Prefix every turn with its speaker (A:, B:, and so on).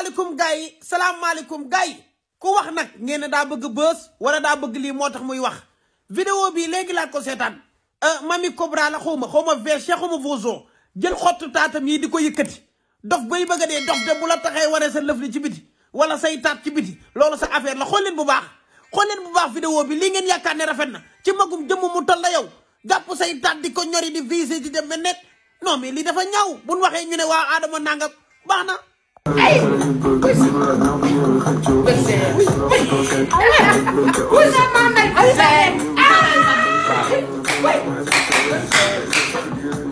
A: assalamualaikum gay salam salaamaaleykum gars ku wax nak ngeen da bëgg bëss wala da bëgg li motax muy wax vidéo bi légui la ko euh mami Cobra la xaw ma xaw ma vozo. jël xottu tatam yi di yëkëti dof bay bëgg dé dof de bu la taxé waré sa lëf li ci biti wala say tat ci biti loolu sa affaire la xol leen bu baax xol leen bu baax vidéo bi li ngeen yaakaar ne rafet na ci magum jëm mu toll la yow jàpp say tat di ñori di visé di dem ba non mais li dafa ñaaw buñ waxé ñu né wa Adama nangam baxna
B: Who's that
C: man
D: that said?
C: Ah! Wait!